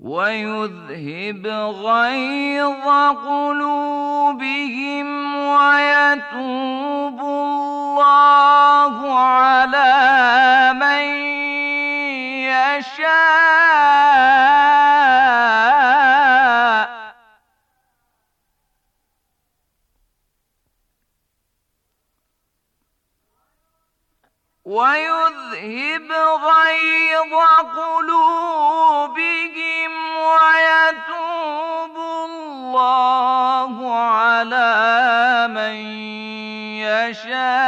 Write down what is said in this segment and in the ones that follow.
ويذهب غيظ قلوبهم ويتوب الله على من يشاء ويذهب غيظ قلوبهم على من يشاء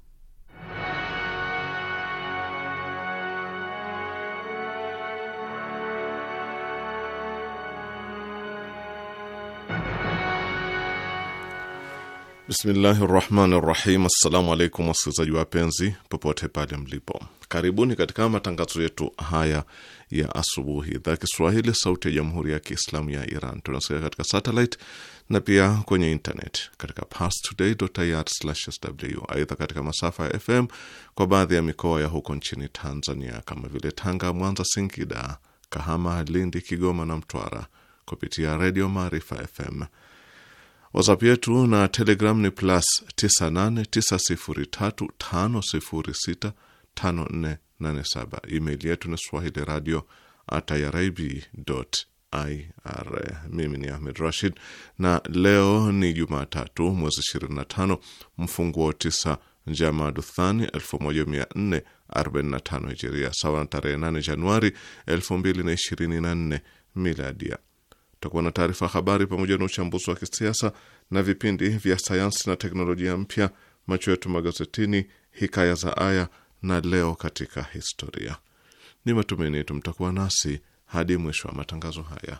Bismillahi rahmani rahim. Assalamu alaikum wasikilizaji wapenzi, popote pale mlipo, karibuni katika matangazo yetu haya ya asubuhi, idhaa Kiswahili sauti ya jamhuri ya Kiislamu ya Iran. Tunasikia katika satellite na pia kwenye internet katika parstoday.ir/sw. Aidha, katika masafa ya FM kwa baadhi ya mikoa ya huko nchini Tanzania kama vile Tanga, Mwanza, Singida, Kahama, Lindi, Kigoma na Mtwara kupitia redio Maarifa FM. WhatsApp yetu na Telegram ni plus 989035065487. Email yetu ni swahili radio irib.ir. Mimi ni Ahmed Rashid, na leo ni Jumatatu mwezi 25 mfunguo 9 Jamadu Thani 1445 Hijiria, sawa na tarehe 8 Januari 2024 miladia. Tutakuwa na taarifa habari pamoja na uchambuzi wa kisiasa na vipindi vya sayansi na teknolojia mpya, macho yetu magazetini, hikaya za aya na leo katika historia. Ni matumaini yetu mtakuwa nasi hadi mwisho wa matangazo haya.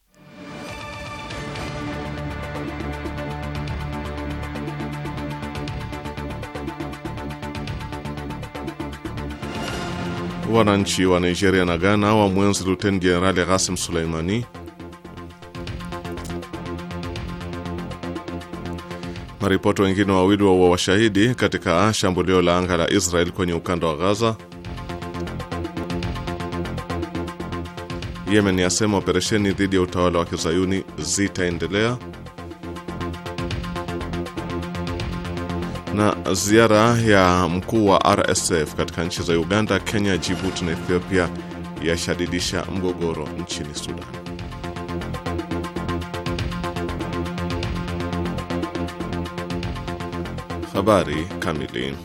wananchi wa Nigeria na Ghana wa mwenzi Luteni Jenerali Ghasim Suleimani. Maripoti wengine wawili wa washahidi katika shambulio la anga la Israel kwenye ukanda wa Gaza. Yemen yasema operesheni dhidi ya utawala wa kizayuni zitaendelea. na ziara ya mkuu wa RSF katika nchi za Uganda, Kenya, Jibuti na Ethiopia yashadidisha mgogoro nchini Sudan. Habari kamili.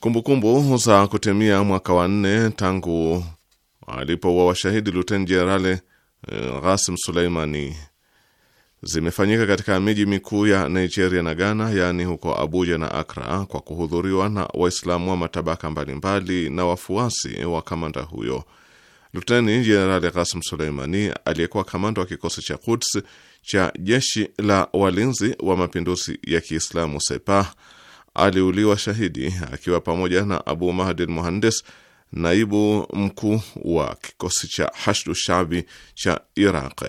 Kumbukumbu za kutimia mwaka wa nne tangu alipouawa washahidi Luten Jenerali eh, Ghasim Suleimani zimefanyika katika miji mikuu ya Nigeria na Ghana, yaani huko Abuja na Akra, kwa kuhudhuriwa na Waislamu wa matabaka mbalimbali na wafuasi wa kamanda huyo. Luteni Jenerali Qasim Suleimani aliyekuwa kamanda wa kikosi cha Quds cha jeshi la walinzi wa mapinduzi ya Kiislamu Sepah aliuliwa shahidi akiwa pamoja na Abu Mahdi Muhandes, naibu mkuu wa kikosi cha Hashdu Shabi cha Iraq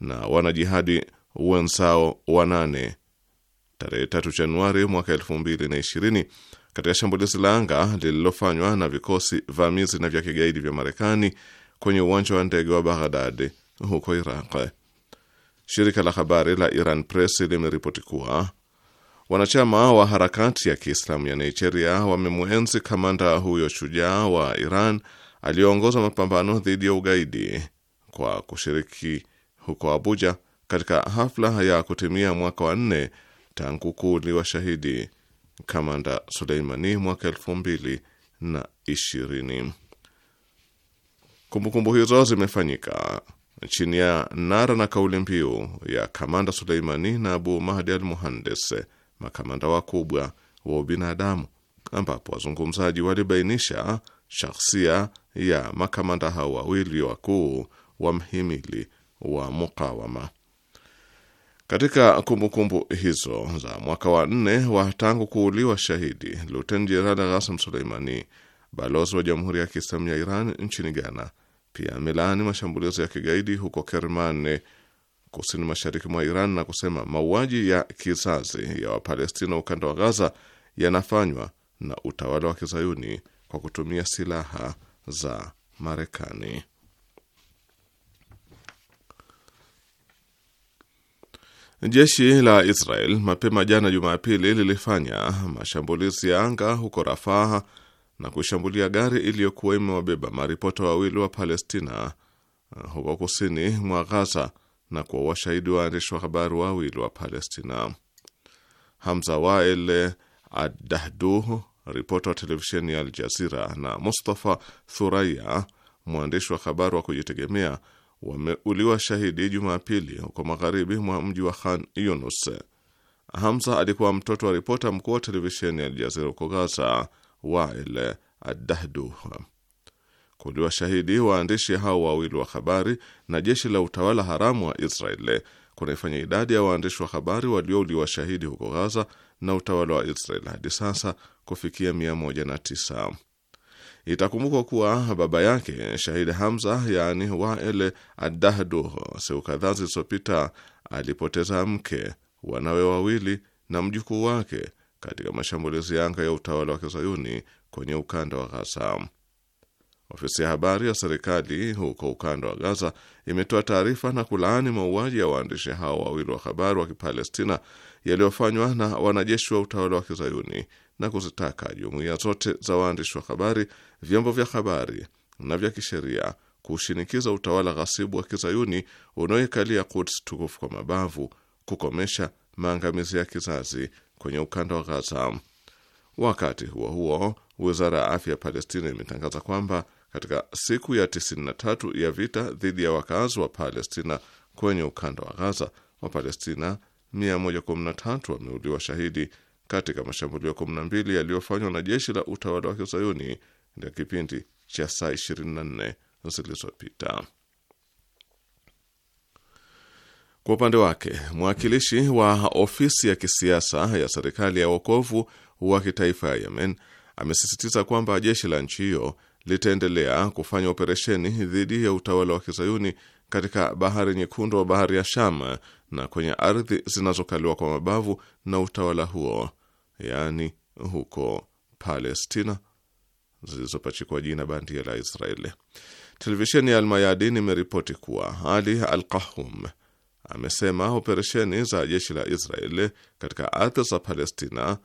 na wanajihadi wenzao wanane tarehe 3 Januari mwaka 2020 katika shambulizi la anga lililofanywa na vikosi vamizi na vya kigaidi vya Marekani kwenye uwanja wa ndege wa Baghdad huko Iraq. Shirika la habari la Iran Press limeripoti kuwa wanachama wa harakati ya Kiislamu ya Nigeria wamemwenzi kamanda huyo shujaa wa Iran aliyeongoza mapambano dhidi ya ugaidi kwa kushiriki huko Abuja katika hafla ya kutimia mwaka wa nne tangu kuuliwa shahidi kamanda Suleimani mwaka elfu mbili na ishirini. Kumbukumbu hizo zimefanyika chini ya nara na kauli mbiu ya kamanda Suleimani na Abu Mahdi al Muhandes, makamanda wakubwa wa ubinadamu, ambapo wazungumzaji walibainisha shakhsia ya makamanda hao wawili wakuu wa mhimili wa mukawama. Katika kumbukumbu kumbu hizo za mwaka wa nne wa tangu kuuliwa shahidi Luten Jenerali Ghasim Suleimani, balozi wa Jamhuri ya Kiislamu ya Iran nchini Ghana pia amelaani mashambulizo ya kigaidi huko Kermane, kusini mashariki mwa Iran, na kusema mauaji ya kizazi ya Wapalestina ukanda wa Gaza yanafanywa na utawala wa kizayuni kwa kutumia silaha za Marekani. Jeshi la Israel mapema jana Jumapili lilifanya mashambulizi ya anga huko Rafaha na kushambulia gari iliyokuwa imewabeba maripota wawili wa Palestina uh, huko kusini mwa Ghaza na kuwa washahidi waandishi wa habari wawili wa Palestina. Hamza Wael uh, adahdu ripota wa televisheni ya Al Jazira, na Mustafa Thuraya, mwandishi wa habari wa kujitegemea wameuliwa shahidi Jumapili huko magharibi mwa mji wa Khan Yunus. Hamza alikuwa mtoto wa ripota mkuu wa televisheni ya Aljazira huko Gaza, Wael Adahdu. Kuliwa shahidi waandishi hao wawili wa habari na jeshi la utawala haramu wa Israel kunaifanya idadi ya waandishi wa habari waliouliwa shahidi huko Gaza na utawala wa Israel hadi sasa kufikia 109. Itakumbukwa kuwa baba yake Shahid Hamza, yaani Wael Adahdu, siku kadhaa zilizopita alipoteza mke, wanawe wawili na mjukuu wake katika mashambulizi ya anga ya utawala wa kizayuni kwenye ukanda wa Ghaza. Ofisi ya habari ya serikali huko ukanda wa Gaza imetoa taarifa na kulaani mauaji ya waandishi hao wawili wa habari wa Kipalestina yaliyofanywa na wanajeshi wa utawala wa kizayuni na kuzitaka jumuiya zote za waandishi wa habari, vyombo vya habari na vya kisheria kushinikiza utawala ghasibu wa kizayuni unaoikalia Quds tukufu kwa mabavu kukomesha maangamizi ya kizazi kwenye ukanda wa Gaza. Wakati huo huo, wizara ya afya ya Palestina imetangaza kwamba katika siku ya 93 ya vita dhidi ya wakazi wa Palestina kwenye ukanda wa Gaza, Wapalestina 113 wameuliwa shahidi katika mashambulio 12 yaliyofanywa na jeshi la utawala wa kizayuni katika kipindi cha saa 24 zilizopita. Kwa upande wake mwakilishi wa ofisi ya kisiasa ya serikali ya wokovu wa kitaifa ya Yemen amesisitiza kwamba jeshi la nchi hiyo litaendelea kufanya operesheni dhidi ya utawala wa kizayuni katika bahari nyekundu wa bahari ya Sham na kwenye ardhi zinazokaliwa kwa mabavu na utawala huo, yaani huko Palestina zilizopachikwa jina bandia la Israeli. Televisheni ya Almayadin imeripoti kuwa Ali Al Qahum amesema operesheni za jeshi la Israeli katika ardhi za Palestina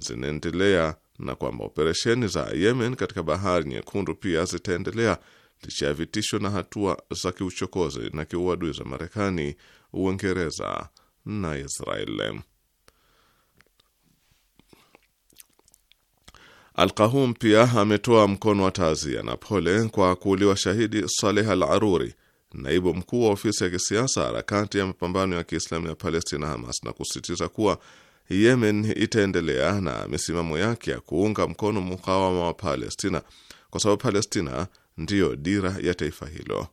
zinaendelea na kwamba operesheni za Yemen katika bahari nyekundu pia zitaendelea licha ya vitisho na hatua za kiuchokozi na kiuadui za Marekani, Uingereza na Israel. Alkahum pia ametoa mkono wa taazia na pole kwa kuuliwa shahidi Saleh Al Aruri, naibu mkuu wa ofisi ya kisiasa harakati ya mapambano ya Kiislamu ya Palestina, Hamas, na kusisitiza kuwa Yemen itaendelea na misimamo yake ya kuunga mkono mukawama wa Palestina kwa sababu Palestina ndiyo dira ya taifa hilo.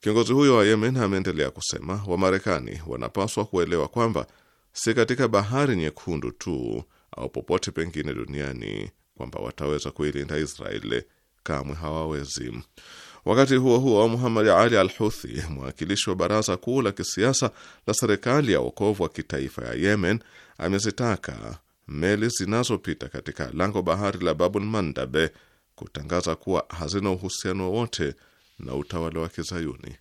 Kiongozi huyo wa Yemen ameendelea kusema Wamarekani wanapaswa kuelewa kwamba si katika bahari nyekundu tu au popote pengine duniani kwamba wataweza kuilinda Israeli, kamwe hawawezi. Wakati huo huo, Muhammad Ali al Huthi, mwakilishi wa baraza kuu la kisiasa la serikali ya wokovu wa kitaifa ya Yemen, amezitaka meli zinazopita katika lango bahari la Babul Mandabe kutangaza kuwa hazina uhusiano wowote na utawala wa kizayuni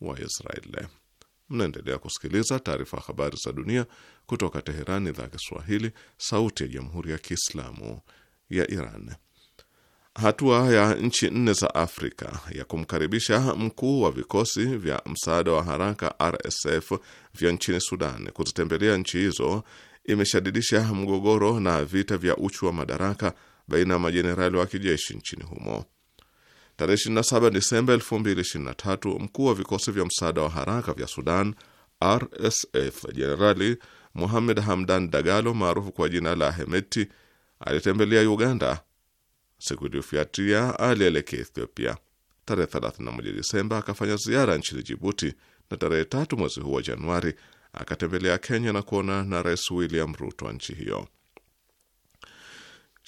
wa israel Mnaendelea kusikiliza taarifa habari za dunia kutoka Teherani, idhaa ya Kiswahili, sauti ya jamhuri ya kiislamu ya Iran. Hatua ya nchi nne za Afrika ya kumkaribisha mkuu wa vikosi vya msaada wa haraka RSF vya nchini Sudan kuzitembelea nchi hizo imeshadidisha mgogoro na vita vya uchu wa madaraka baina ya majenerali wa kijeshi nchini humo. Tarehe 27 Desemba 2023, mkuu wa vikosi vya msaada wa haraka vya Sudan RSF Jenerali Mohamed Hamdan Dagalo maarufu kwa jina la Hemeti alitembelea Uganda. Siku iliyofuatia alielekea Ethiopia. Tarehe 31 Desemba akafanya ziara nchini Jibuti, na tarehe tatu mwezi huu wa Januari akatembelea Kenya na kuona na Rais William Ruto wa nchi hiyo.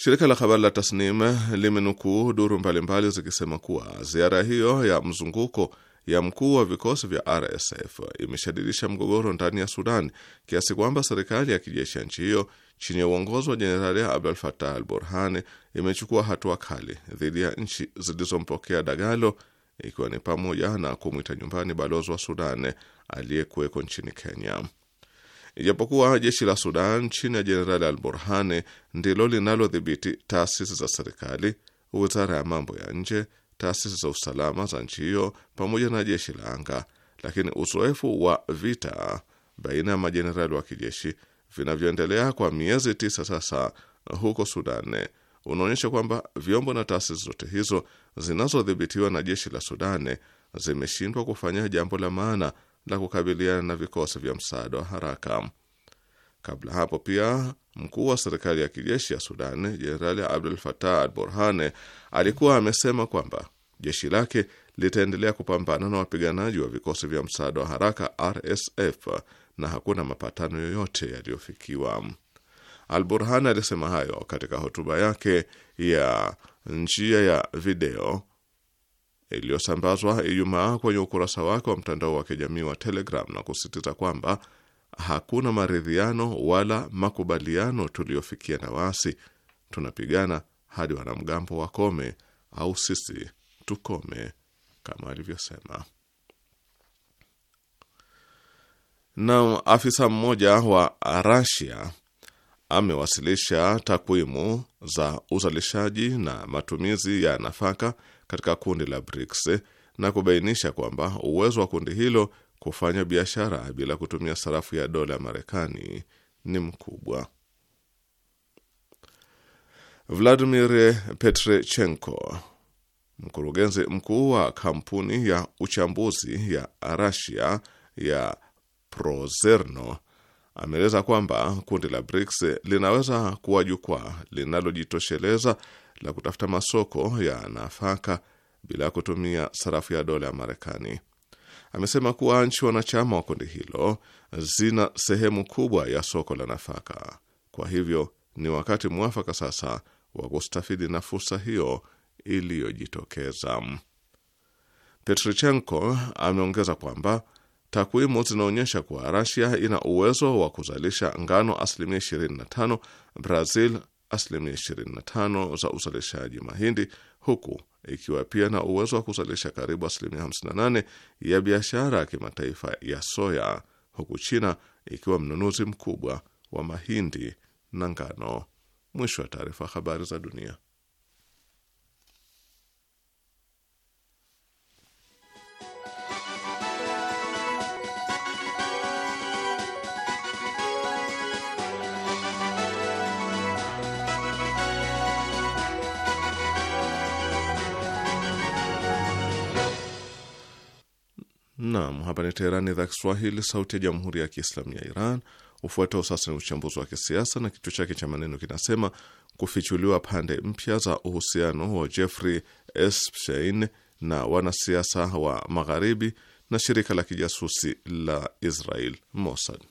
Shirika la habari la Tasnim limenukuu duru mbalimbali zikisema kuwa ziara hiyo ya mzunguko ya mkuu wa vikosi vya RSF imeshadidisha mgogoro ndani ya Sudan kiasi kwamba serikali ya kijeshi ya nchi hiyo chini ya uongozi wa Jenerali Abdul fatah al Burhan imechukua hatua kali dhidi ya nchi zilizompokea Dagalo, ikiwa ni pamoja na kumwita nyumbani balozi wa Sudan aliyekuweko nchini Kenya. Ijapokuwa jeshi la Sudan chini ya Jenerali Al Burhani ndilo linalodhibiti taasisi za serikali, wizara ya mambo ya nje, taasisi za usalama za nchi hiyo pamoja na jeshi la anga, lakini uzoefu wa vita baina ya majenerali wa kijeshi vinavyoendelea kwa miezi tisa sasa huko Sudan unaonyesha kwamba vyombo na taasisi zote hizo zinazodhibitiwa na jeshi la Sudan zimeshindwa kufanya jambo la maana la kukabiliana na vikosi vya msaada wa haraka. Kabla hapo pia mkuu wa serikali ya kijeshi ya Sudan Jenerali Abdul Fatah Al Burhane alikuwa amesema kwamba jeshi lake litaendelea kupambana na wapiganaji wa vikosi vya msaada wa haraka RSF na hakuna mapatano yoyote yaliyofikiwa. Al Burhan alisema hayo katika hotuba yake ya njia ya video iliyosambazwa Ijumaa kwenye ukurasa wake wa mtandao wa kijamii wa Telegram na kusisitiza kwamba hakuna maridhiano wala makubaliano tuliyofikia na waasi. Tunapigana hadi wanamgambo wakome au sisi tukome, kama alivyosema. Na afisa mmoja wa Rasia amewasilisha takwimu za uzalishaji na matumizi ya nafaka katika kundi la BRICS na kubainisha kwamba uwezo wa kundi hilo kufanya biashara bila kutumia sarafu ya dola ya Marekani ni mkubwa. Vladimir Petrechenko, mkurugenzi mkuu wa kampuni ya uchambuzi ya Rasia ya Prozerno, ameeleza kwamba kundi la BRICS linaweza kuwa jukwaa linalojitosheleza la kutafuta masoko ya nafaka bila kutumia sarafu ya dola ya Marekani. Amesema kuwa nchi wanachama wa kundi hilo zina sehemu kubwa ya soko la nafaka, kwa hivyo ni wakati mwafaka sasa wa kustafidi na fursa hiyo iliyojitokeza. Petrichenko ameongeza kwamba takwimu zinaonyesha kuwa Rasia ina uwezo wa kuzalisha ngano asilimia 25, Brazil asilimia 25 za uzalishaji mahindi, huku ikiwa pia na uwezo wa kuzalisha karibu asilimia 58 ya biashara ya kimataifa ya soya, huku China ikiwa mnunuzi mkubwa wa mahindi na ngano. Mwisho wa taarifa. Habari za dunia. Naam, hapa ni Teherani, idhaa Kiswahili, sauti ya jamhuri ya kiislamu ya Iran. Ufuatao sasa ni uchambuzi wa kisiasa na kichwa chake cha maneno kinasema kufichuliwa pande mpya za uhusiano wa Jeffrey Epstein na wanasiasa wa Magharibi na shirika la kijasusi la Israel Mossad.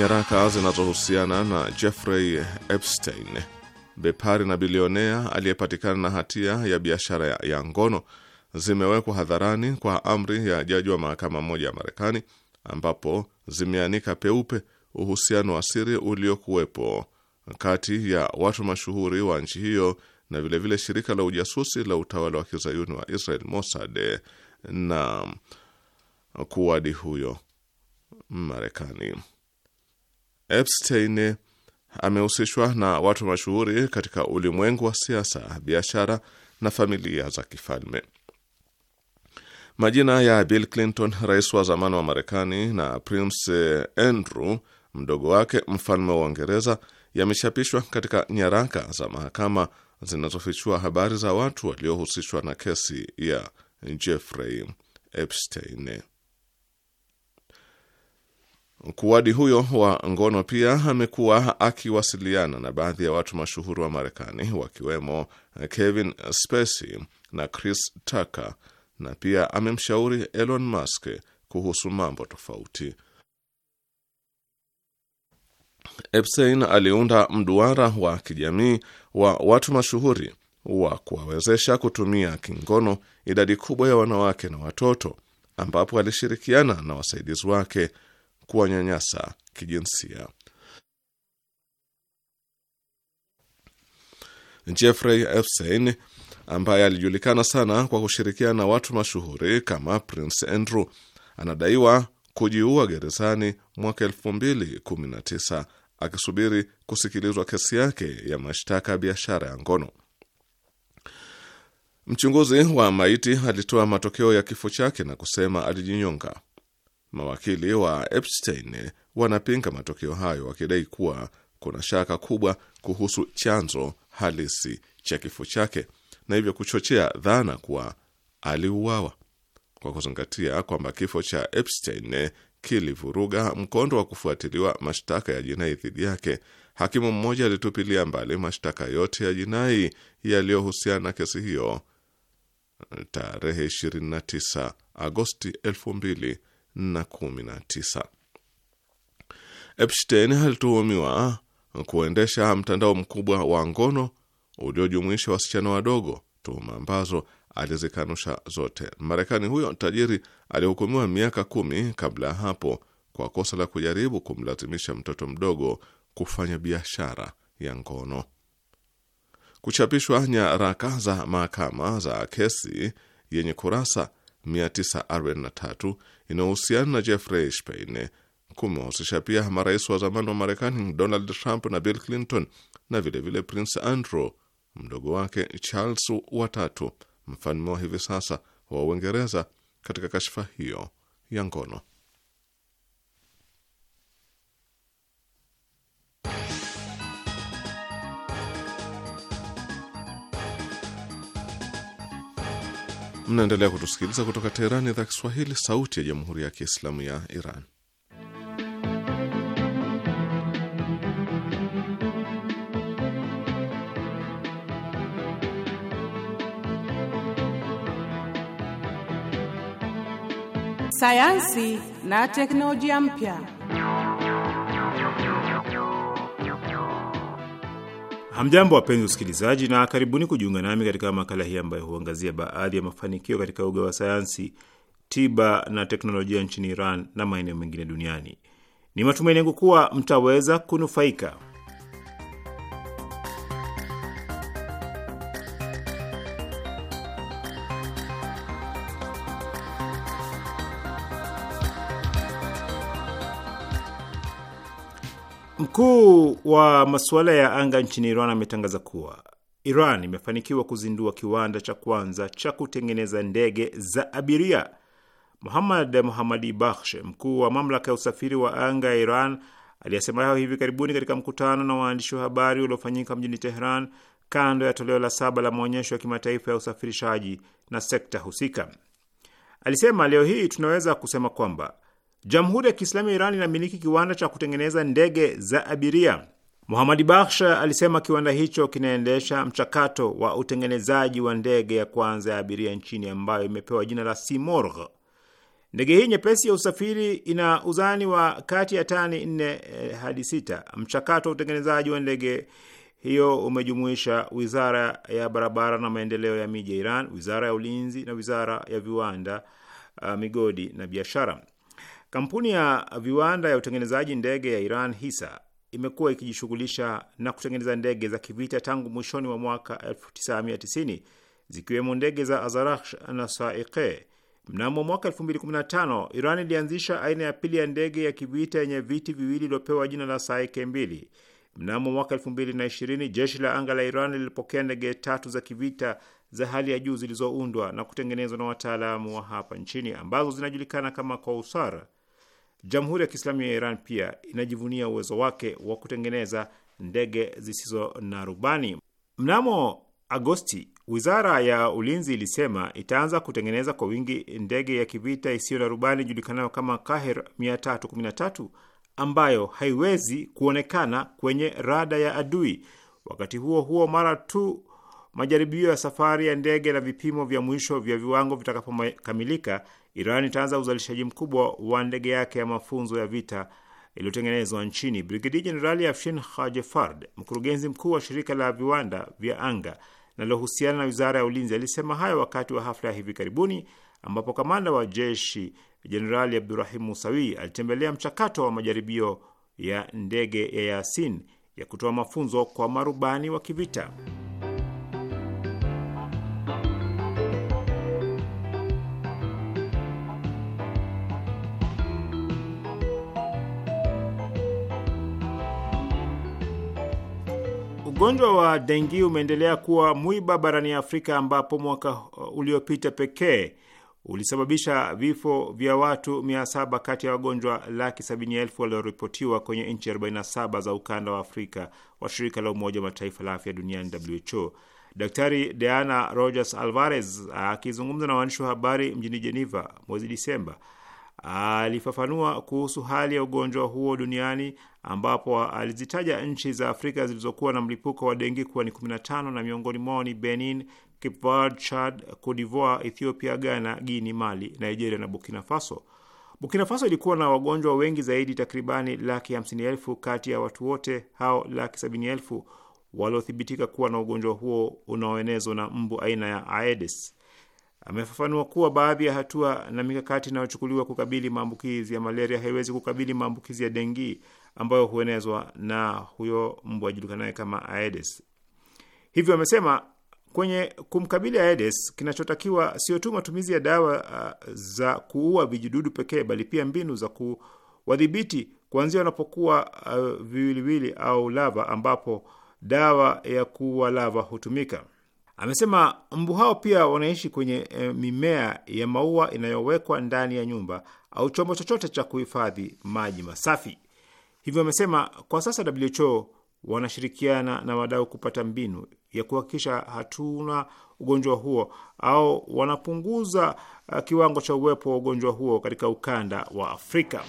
nyaraka zinazohusiana na Jeffrey Epstein, bepari na bilionea aliyepatikana na hatia ya biashara ya, ya ngono zimewekwa hadharani kwa amri ya jaji wa mahakama moja ya Marekani, ambapo zimeanika peupe uhusiano wa siri uliokuwepo kati ya watu mashuhuri wa nchi hiyo na vilevile vile shirika la ujasusi la utawala wa kizayuni wa Israel Mossad na kuwadi huyo Marekani. Epstein amehusishwa na watu mashuhuri katika ulimwengu wa siasa, biashara na familia za kifalme. Majina ya Bill Clinton, rais wa zamani wa Marekani, na Prince Andrew, mdogo wake, mfalme wa Uingereza, yamechapishwa katika nyaraka za mahakama zinazofichua habari za watu waliohusishwa na kesi ya Jeffrey Epstein kuwadi huyo wa ngono pia amekuwa akiwasiliana na baadhi ya watu mashuhuri wa Marekani wakiwemo Kevin Spacey na Chris Tucker na pia amemshauri Elon Musk kuhusu mambo tofauti. Epstein aliunda mduara wa kijamii wa watu mashuhuri wa kuwawezesha kutumia kingono idadi kubwa ya wanawake na watoto, ambapo alishirikiana na wasaidizi wake kuwanyanyasa kijinsia. Jeffrey Epstein ambaye alijulikana sana kwa kushirikiana na watu mashuhuri kama Prince Andrew anadaiwa kujiua gerezani mwaka 2019 akisubiri kusikilizwa kesi yake ya mashtaka ya biashara ya ngono. Mchunguzi wa maiti alitoa matokeo ya kifo chake na kusema alijinyonga. Mawakili wa Epstein wanapinga matokeo hayo, wakidai kuwa kuna shaka kubwa kuhusu chanzo halisi cha kifo chake na hivyo kuchochea dhana kuwa aliuawa, kwa kuzingatia kwamba kifo cha Epstein kilivuruga mkondo wa kufuatiliwa mashtaka ya jinai dhidi yake. Hakimu mmoja alitupilia mbali mashtaka yote ya jinai yaliyohusiana na kesi hiyo tarehe 29 Agosti 2000 na kumi na tisa. Epstein alituhumiwa kuendesha mtandao mkubwa wa ngono uliojumuisha wasichana wadogo, tuhuma ambazo alizikanusha zote. Marekani huyo tajiri alihukumiwa miaka kumi kabla ya hapo kwa kosa la kujaribu kumlazimisha mtoto mdogo kufanya biashara ya ngono. Kuchapishwa nyaraka za mahakama za kesi yenye kurasa 943 inayohusiana na Jeffrey Spein kumehusisha pia marais wa zamani wa Marekani Donald Trump na Bill Clinton na vilevile vile Prince Andrew mdogo wake Charles watatu mfalme wa hivi sasa wa Uingereza katika kashfa hiyo ya ngono. Mnaendelea kutusikiliza kutoka Teheran, idhaa Kiswahili, sauti ya jamhuri ya kiislamu ya Iran. Sayansi na teknolojia mpya. Hamjambo, wapenzi usikilizaji, na karibuni kujiunga nami katika makala hii ambayo huangazia baadhi ya mafanikio katika uga wa sayansi, tiba na teknolojia nchini Iran na maeneo mengine duniani. Ni matumaini yangu kuwa mtaweza kunufaika. Mkuu wa masuala ya anga nchini Iran ametangaza kuwa Iran imefanikiwa kuzindua kiwanda cha kwanza cha kutengeneza ndege za abiria. Muhammad muhamadi Bakhsh, mkuu wa mamlaka ya usafiri wa anga ya Iran, aliyesema hayo hivi karibuni katika mkutano na waandishi wa habari uliofanyika mjini Teheran kando ya toleo la saba la maonyesho ya kimataifa ya usafirishaji na sekta husika. Alisema leo hii tunaweza kusema kwamba Jamhuri ya Kiislamu ya Iran inamiliki kiwanda cha kutengeneza ndege za abiria. Muhamadi Bakhsh alisema kiwanda hicho kinaendesha mchakato wa utengenezaji wa ndege ya kwanza ya abiria nchini ambayo imepewa jina la Simorgh. Ndege hii nyepesi ya usafiri ina uzani wa kati ya tani nne eh, hadi sita. Mchakato wa utengenezaji wa ndege hiyo umejumuisha wizara ya barabara na maendeleo ya miji ya Iran, wizara ya ulinzi na wizara ya viwanda, ah, migodi na biashara. Kampuni ya viwanda ya utengenezaji ndege ya Iran Hisa imekuwa ikijishughulisha na kutengeneza ndege za kivita tangu mwishoni mwa mwaka 1990 zikiwemo ndege za Azaraksh na Saiqe. Mnamo mwaka 2015 Iran ilianzisha aina ya pili ya ndege ya kivita yenye viti viwili iliyopewa jina la Saike 2. Mnamo mwaka 2020 jeshi la anga la Iran lilipokea ndege tatu za kivita za hali ya juu zilizoundwa na kutengenezwa na wataalamu wa hapa nchini ambazo zinajulikana kama Kousar. Jamhuri ya Kiislamu ya Iran pia inajivunia uwezo wake wa kutengeneza ndege zisizo na rubani. Mnamo Agosti, wizara ya ulinzi ilisema itaanza kutengeneza kwa wingi ndege ya kivita isiyo na rubani ijulikanayo kama Kaher 313 ambayo haiwezi kuonekana kwenye rada ya adui. Wakati huo huo, mara tu majaribio ya safari ya ndege na vipimo vya mwisho vya viwango vitakapokamilika, Iran itaanza uzalishaji mkubwa wa ndege yake ya mafunzo ya vita iliyotengenezwa nchini. Brigedia Jenerali Afshin Hajefard, mkurugenzi mkuu wa shirika la viwanda vya anga linalohusiana na wizara ya ulinzi, alisema hayo wakati wa hafla ya hivi karibuni ambapo kamanda wa jeshi Jenerali Abdurahim Musawi alitembelea mchakato wa majaribio ya ndege ya Yasin ya kutoa mafunzo kwa marubani wa kivita. Ugonjwa wa dengi umeendelea kuwa mwiba barani Afrika ambapo mwaka uh, uliopita pekee ulisababisha vifo vya watu 700 kati ya wagonjwa laki sabini walioripotiwa kwenye nchi 47 za ukanda wa Afrika wa shirika la Umoja wa Mataifa la afya duniani WHO. Daktari Diana Rogers Alvarez uh, akizungumza na waandishi wa habari mjini jeneva mwezi Disemba alifafanua kuhusu hali ya ugonjwa huo duniani ambapo alizitaja nchi za Afrika zilizokuwa na mlipuko wa dengi kuwa ni 15 na miongoni mwao ni Benin, Cape Verde, Chad, Cote d'Ivoire, Ethiopia, Ghana, Guinea, Mali, Nigeria na Burkina Faso. Burkina Faso ilikuwa na wagonjwa wengi zaidi, takribani laki hamsini kati ya watu wote hao laki 7 waliothibitika kuwa na ugonjwa huo unaoenezwa na mbu aina ya Aedes. Amefafanua kuwa baadhi ya hatua na mikakati inayochukuliwa kukabili maambukizi ya malaria haiwezi kukabili maambukizi ya dengi ambayo huenezwa na huyo mbu ajulikanaye kama Aedes. Hivyo amesema kwenye kumkabili Aedes kinachotakiwa sio tu matumizi ya dawa uh, za kuua vijidudu pekee, bali pia mbinu za kuwadhibiti kuanzia wanapokuwa uh, viwiliwili au lava, ambapo dawa ya kuua lava hutumika. Amesema mbu hao pia wanaishi kwenye e, mimea ya maua inayowekwa ndani ya nyumba au chombo chochote cha kuhifadhi maji masafi. Hivyo amesema kwa sasa WHO wanashirikiana na wadau kupata mbinu ya kuhakikisha hatuna ugonjwa huo au wanapunguza eh, kiwango cha uwepo wa ugonjwa huo katika ukanda wa Afrika.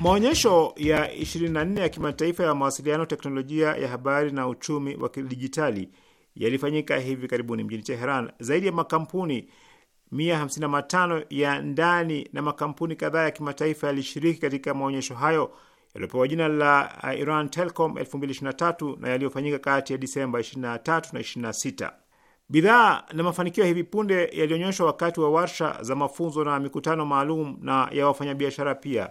Maonyesho ya 24 ya kimataifa ya mawasiliano, teknolojia ya habari na uchumi wa kidijitali yalifanyika hivi karibuni mjini Teheran. Zaidi ya makampuni 155 ya ndani na makampuni kadhaa ya kimataifa yalishiriki katika maonyesho hayo yaliyopewa jina la Iran Telecom 2023 na yaliyofanyika kati ya Disemba 23 na 26. Bidhaa na mafanikio ya hivi punde yalionyeshwa wakati wa warsha za mafunzo na mikutano maalum na ya wafanyabiashara pia.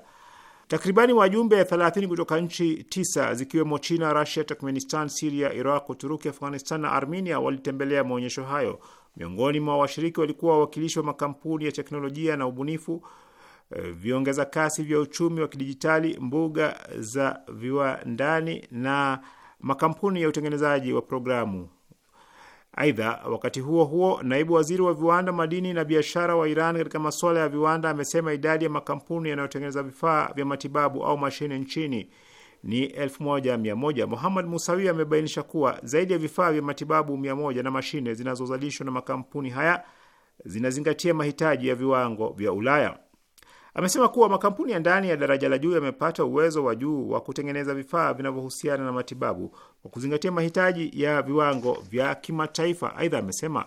Takribani wajumbe 30 kutoka nchi tisa zikiwemo China, Rusia, Turkmenistan, Siria, Iraq, Uturuki, Afghanistan na Armenia walitembelea maonyesho hayo. Miongoni mwa washiriki walikuwa wawakilishi wa makampuni ya teknolojia na ubunifu, eh, viongeza kasi vya uchumi wa kidijitali, mbuga za viwandani na makampuni ya utengenezaji wa programu. Aidha, wakati huo huo, naibu waziri wa viwanda, madini na biashara wa Iran katika masuala ya viwanda amesema idadi ya makampuni yanayotengeneza vifaa vya matibabu au mashine nchini ni 11 Muhammad Musawi amebainisha kuwa zaidi ya vifaa vya matibabu 1 na mashine zinazozalishwa na makampuni haya zinazingatia mahitaji ya viwango vya Ulaya. Amesema kuwa makampuni ya ndani ya daraja la juu yamepata uwezo wa juu wa kutengeneza vifaa vinavyohusiana na matibabu kwa kuzingatia mahitaji ya viwango vya kimataifa. Aidha, amesema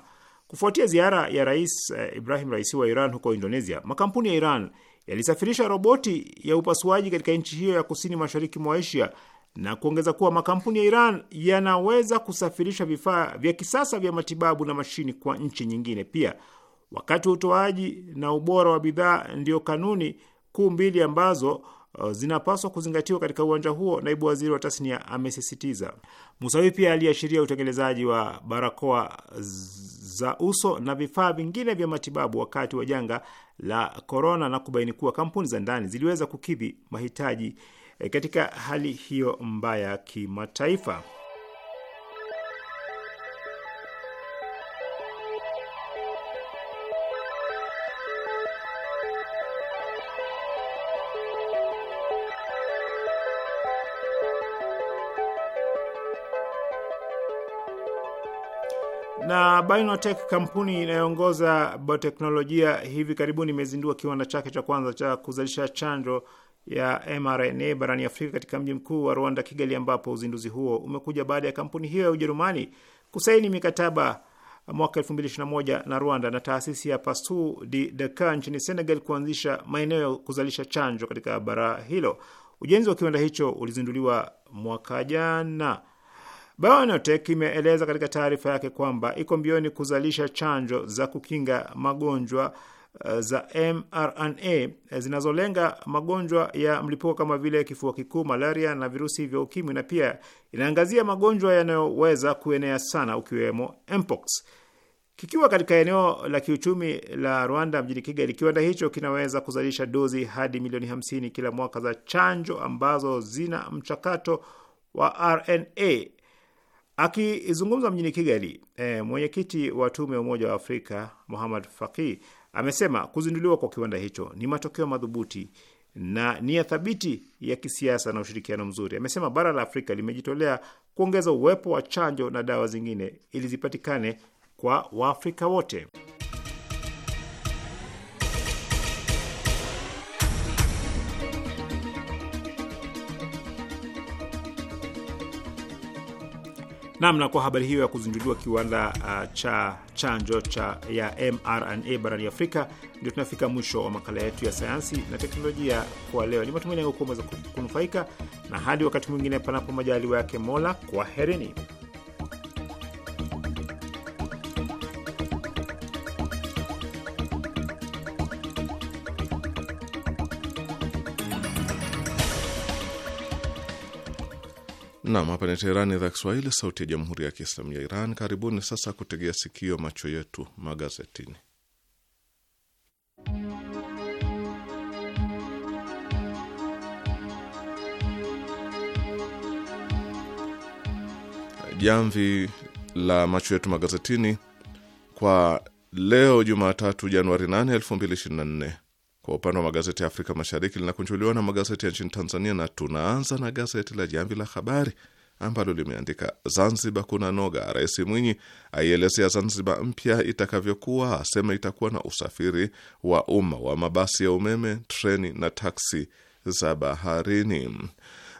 kufuatia ziara ya Rais eh, Ibrahim Raisi wa Iran huko Indonesia, makampuni ya Iran yalisafirisha roboti ya upasuaji katika nchi hiyo ya kusini mashariki mwa Asia na kuongeza kuwa makampuni ya Iran yanaweza kusafirisha vifaa vya kisasa vya matibabu na mashini kwa nchi nyingine pia. Wakati wa utoaji na ubora wa bidhaa ndio kanuni kuu mbili ambazo uh, zinapaswa kuzingatiwa katika uwanja huo, naibu waziri wa tasnia amesisitiza. Musawi pia aliashiria utekelezaji wa barakoa za uso na vifaa vingine vya matibabu wakati wa janga la korona na kubaini kuwa kampuni za ndani ziliweza kukidhi mahitaji eh, katika hali hiyo mbaya ya kimataifa. Na Binotech, kampuni inayoongoza bioteknolojia, hivi karibuni imezindua kiwanda chake cha kwanza cha kuzalisha chanjo ya mRNA barani Afrika katika mji mkuu wa Rwanda, Kigali, ambapo uzinduzi huo umekuja baada ya kampuni hiyo ya Ujerumani kusaini mikataba mwaka 2021 na Rwanda na taasisi ya Pasteur de Dakar nchini Senegal kuanzisha maeneo ya kuzalisha chanjo katika bara hilo. Ujenzi wa kiwanda hicho ulizinduliwa mwaka jana. BioNTech imeeleza katika taarifa yake kwamba iko mbioni kuzalisha chanjo za kukinga magonjwa eh, za mRNA eh, zinazolenga magonjwa ya mlipuko kama vile kifua kikuu, malaria na virusi vya ukimwi, na pia inaangazia magonjwa yanayoweza kuenea sana ukiwemo mpox. Kikiwa katika eneo la kiuchumi la Rwanda mjini Kigali, kiwanda hicho kinaweza kuzalisha dozi hadi milioni 50 kila mwaka za chanjo ambazo zina mchakato wa RNA Akizungumza mjini Kigali, e, mwenyekiti wa tume ya Umoja wa Afrika Muhammad Faki amesema kuzinduliwa kwa kiwanda hicho ni matokeo madhubuti na nia thabiti ya kisiasa na ushirikiano mzuri. Amesema bara la Afrika limejitolea kuongeza uwepo wa chanjo na dawa zingine ili zipatikane kwa Waafrika wote. namna kwa habari hiyo ya kuzinduliwa kiwanda uh, cha chanjo cha ya mRNA barani Afrika, ndio tunafika mwisho wa makala yetu ya sayansi na teknolojia kwa leo. Ni matumaini yangu kuwa umeweza kunufaika, na hadi wakati mwingine, panapo majaliwa yake Mola, kwaherini. Nam, hapa ni teheran idhaa Kiswahili, sauti ya jamhuri ya kiislamu ya Iran. Karibuni sasa kutegea sikio, macho yetu magazetini. Jamvi la macho yetu magazetini kwa leo Jumatatu, Januari 8, 224 kwa upande wa magazeti ya Afrika Mashariki, linakunjuliwa na magazeti ya nchini Tanzania, na tunaanza na gazeti la Jamvi la Habari ambalo limeandika Zanzibar kuna noga. Rais Mwinyi aielezea Zanzibar mpya itakavyokuwa, asema itakuwa na usafiri wa umma wa mabasi ya umeme, treni na taksi za baharini.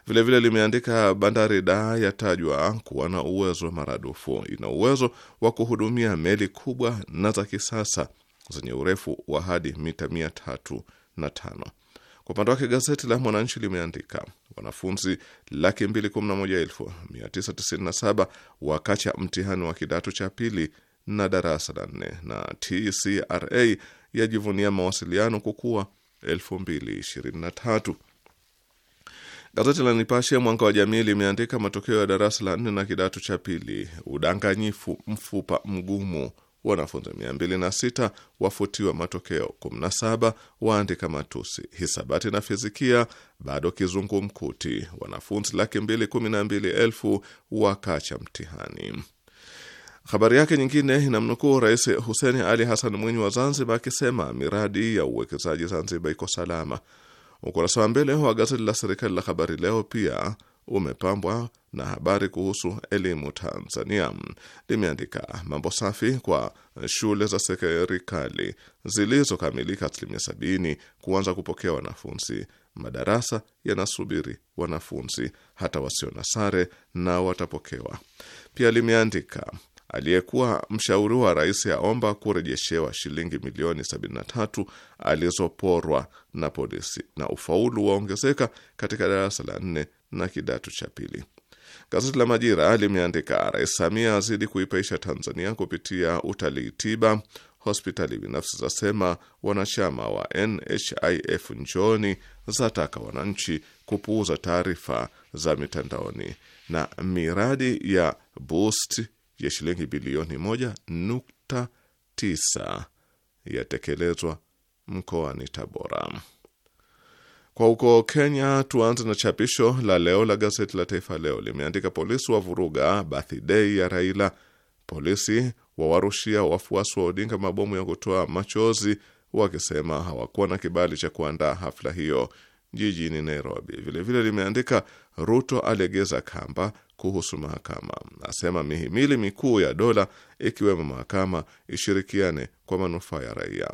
Vilevile limeandika bandari Daa yatajwa kuwa na uwezo maradufu, ina uwezo wa kuhudumia meli kubwa na za kisasa zenye urefu wa hadi mita mia tatu na tano. Kwa upande wake gazeti la Mwananchi limeandika wanafunzi laki mbili kumi na moja elfu mia tisa tisini na saba wakacha mtihani wa kidato cha pili na darasa la nne, na TCRA yajivunia mawasiliano kukua tatu. Gazeti la Nipashe Mwanga wa Jamii limeandika matokeo ya darasa la nne na kidato cha pili, udanganyifu mfupa mgumu wanafunzi 206 wafutiwa matokeo 17, waandika matusi. Hisabati na fizikia bado kizungumkuti, wanafunzi laki mbili kumi na mbili elfu wakacha mtihani. Habari yake nyingine inamnukuu Rais huseni Ali Hassan Mwinyi wa Zanzibar akisema miradi ya uwekezaji Zanzibar iko salama. Ukurasa wa mbele wa gazeti la serikali la Habari Leo pia umepambwa na habari kuhusu elimu Tanzania limeandika mambo safi kwa shule za serikali zilizokamilika asilimia sabini kuanza kupokea wanafunzi. Madarasa yanasubiri wanafunzi, hata wasio na sare na watapokewa. Pia limeandika aliyekuwa mshauri wa rais aomba kurejeshewa shilingi milioni 73 alizoporwa na polisi, na ufaulu waongezeka katika darasa la nne na kidato cha pili. Gazeti la Majira limeandika Rais Samia azidi kuipaisha Tanzania kupitia utalii tiba. Hospitali binafsi zasema wanachama wa NHIF njooni, zataka wananchi kupuuza taarifa za mitandaoni. Na miradi ya boost ya shilingi bilioni moja nukta tisa yatekelezwa mkoani Tabora. Kwa huko Kenya, tuanze na chapisho la leo la gazeti la Taifa Leo. Limeandika polisi wa vuruga birthday ya Raila, polisi wawarushia wafuasi wa Odinga mabomu ya kutoa machozi wakisema hawakuwa na kibali cha kuandaa hafla hiyo jijini Nairobi. Vilevile vile limeandika Ruto alegeza kamba kuhusu mahakama. Asema mihimili mikuu ya dola ikiwemo mahakama ishirikiane kwa manufaa ya raia.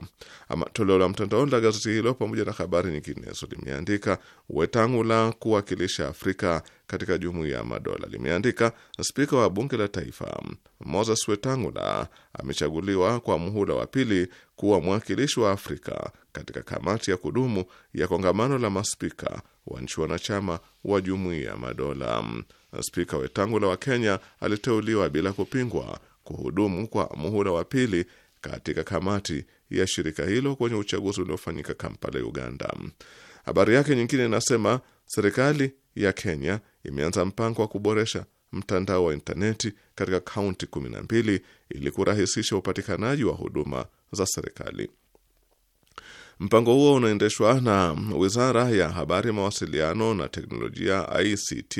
Ama toleo la mtandaoni la gazeti hilo pamoja na habari nyinginezo limeandika wetangu la kuwakilisha Afrika katika jumuiya ya madola. Limeandika spika wa bunge la taifa Moses Wetangula amechaguliwa kwa muhula wa pili kuwa mwakilishi wa Afrika katika kamati ya kudumu ya kongamano la maspika wa nchi wanachama wa jumuiya ya madola. Spika Wetangula wa Kenya aliteuliwa bila kupingwa kuhudumu kwa muhula wa pili katika kamati ya shirika hilo kwenye uchaguzi uliofanyika Kampala, Uganda. Habari yake nyingine inasema serikali ya Kenya imeanza mpango wa kuboresha mtandao wa intaneti katika kaunti 12 ili kurahisisha upatikanaji wa huduma za serikali. Mpango huo unaendeshwa na Wizara ya Habari, Mawasiliano na Teknolojia ICT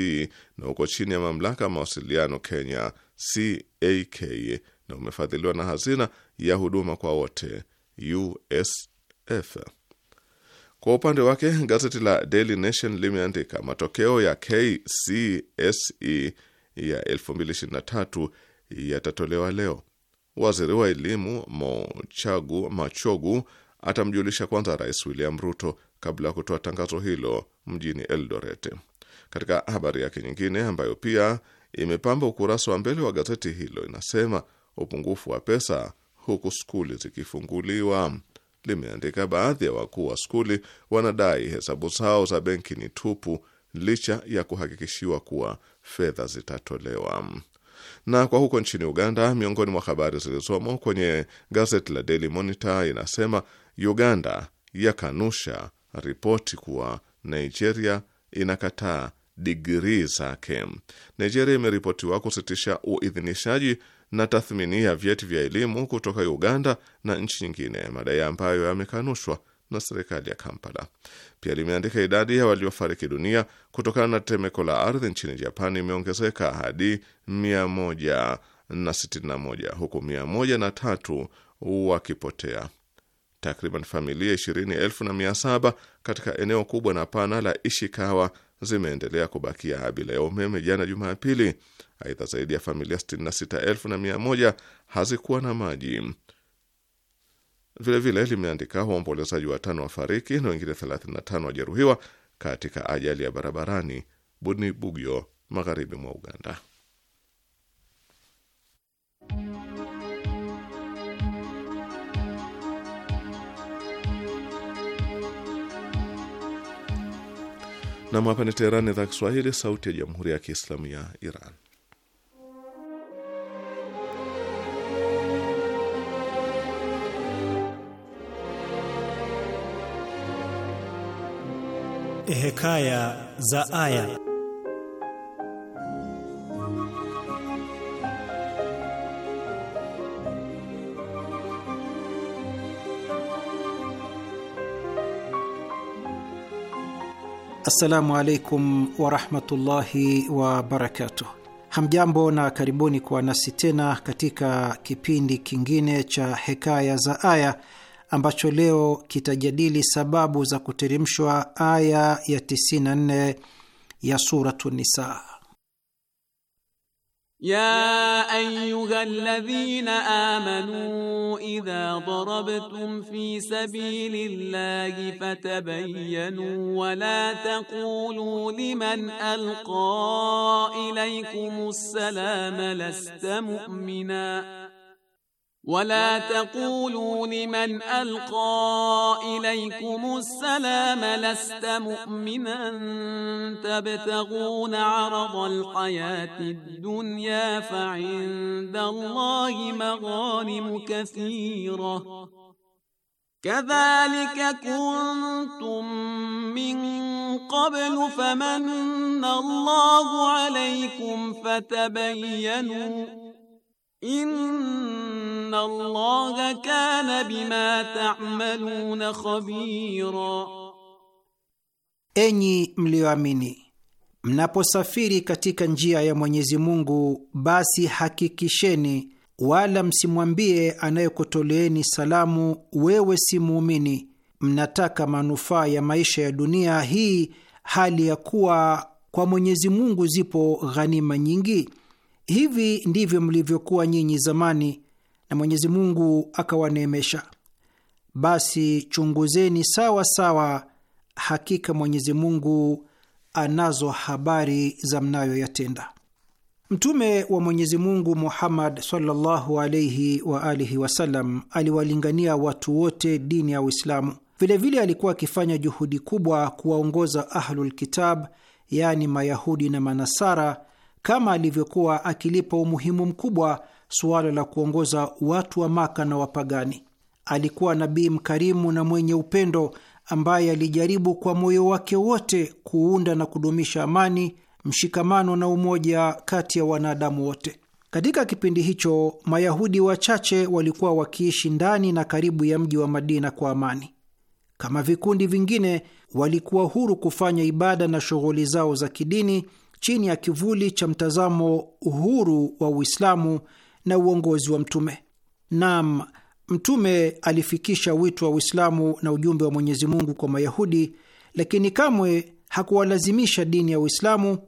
na uko chini ya Mamlaka ya Mawasiliano Kenya CAK na umefadhiliwa na Hazina ya Huduma kwa Wote USF. Kwa upande wake gazeti la Daily Nation limeandika matokeo ya KCSE ya 2023 yatatolewa leo. Waziri wa elimu Mochagu Machogu atamjulisha kwanza Rais William Ruto kabla ya kutoa tangazo hilo mjini Eldoret. Katika habari yake nyingine ambayo pia imepamba ukurasa wa mbele wa gazeti hilo inasema upungufu wa pesa huku skuli zikifunguliwa. Limeandika baadhi ya wakuu wa skuli wanadai hesabu zao za benki ni tupu licha ya kuhakikishiwa kuwa fedha zitatolewa. Na kwa huko nchini Uganda, miongoni mwa habari zilizomo kwenye gazeti la Daily Monitor inasema Uganda yakanusha ripoti kuwa Nigeria inakataa digrii zake. Nigeria imeripotiwa kusitisha uidhinishaji na tathmini ya vyeti vya elimu kutoka Uganda na nchi nyingine, madai ambayo yamekanushwa na serikali ya Kampala. Pia limeandika idadi ya waliofariki dunia kutokana na tetemeko la ardhi nchini japan imeongezeka hadi 161 huku 103 wakipotea. Takriban familia ishirini elfu na mia saba katika eneo kubwa na pana la Ishikawa zimeendelea kubakia bila ya umeme jana Jumapili. Aidha, zaidi ya familia sitini na sita elfu na mia moja hazikuwa na maji. Vilevile limeandika waombolezaji watano wafariki na wengine 35 wajeruhiwa katika ajali ya barabarani Bunibugyo, magharibi mwa Uganda. Nam, hapa ni Teheran, idhaa Kiswahili, sauti ya jamhuri ya kiislamu ya Iran. Hekaya za Aya. Assalamu alaikum warahmatullahi wabarakatuh. Hamjambo na karibuni kuwa nasi tena katika kipindi kingine cha Hekaya za Aya ambacho leo kitajadili sababu za kuteremshwa aya ya 94 ya Suratu Nisaa. يا ايها الذين امنوا اذا ضربتم في سبيل الله فتبينوا ولا تقولوا لمن القى اليكم السلام لست مؤمنا ولا تقولوا لمن القى اليكم السلام لست مؤمنا تبتغون عرض الحياه الدنيا فعند الله مغانم كثيره كذلك كنتم من قبل فمن الله عليكم فتبينوا Inna Allaha kana bima ta'maluna khabira, enyi mlioamini, mnaposafiri katika njia ya Mwenyezi Mungu, basi hakikisheni wala msimwambie anayekutoleeni salamu, wewe si muumini, mnataka manufaa ya maisha ya dunia hii, hali ya kuwa kwa Mwenyezi Mungu zipo ghanima nyingi Hivi ndivyo mlivyokuwa nyinyi zamani, na Mwenyezi Mungu akawaneemesha. Basi chunguzeni sawa sawa, hakika Mwenyezi Mungu anazo habari za mnayoyatenda. Mtume wa Mwenyezi Mungu Muhammad sallallahu wa alihi wasallam aliwalingania watu wote dini ya Uislamu. Vilevile alikuwa akifanya juhudi kubwa kuwaongoza Ahlulkitab, yaani Mayahudi na Manasara kama alivyokuwa akilipa umuhimu mkubwa suala la kuongoza watu wa Maka na wapagani. Alikuwa nabii mkarimu na mwenye upendo ambaye alijaribu kwa moyo wake wote kuunda na kudumisha amani, mshikamano na umoja kati ya wanadamu wote. Katika kipindi hicho, Mayahudi wachache walikuwa wakiishi ndani na karibu ya mji wa Madina kwa amani. Kama vikundi vingine, walikuwa huru kufanya ibada na shughuli zao za kidini chini ya kivuli cha mtazamo uhuru wa Uislamu na uongozi wa Mtume. Naam, Mtume alifikisha wito wa Uislamu na ujumbe wa Mwenyezi Mungu kwa Mayahudi, lakini kamwe hakuwalazimisha dini ya Uislamu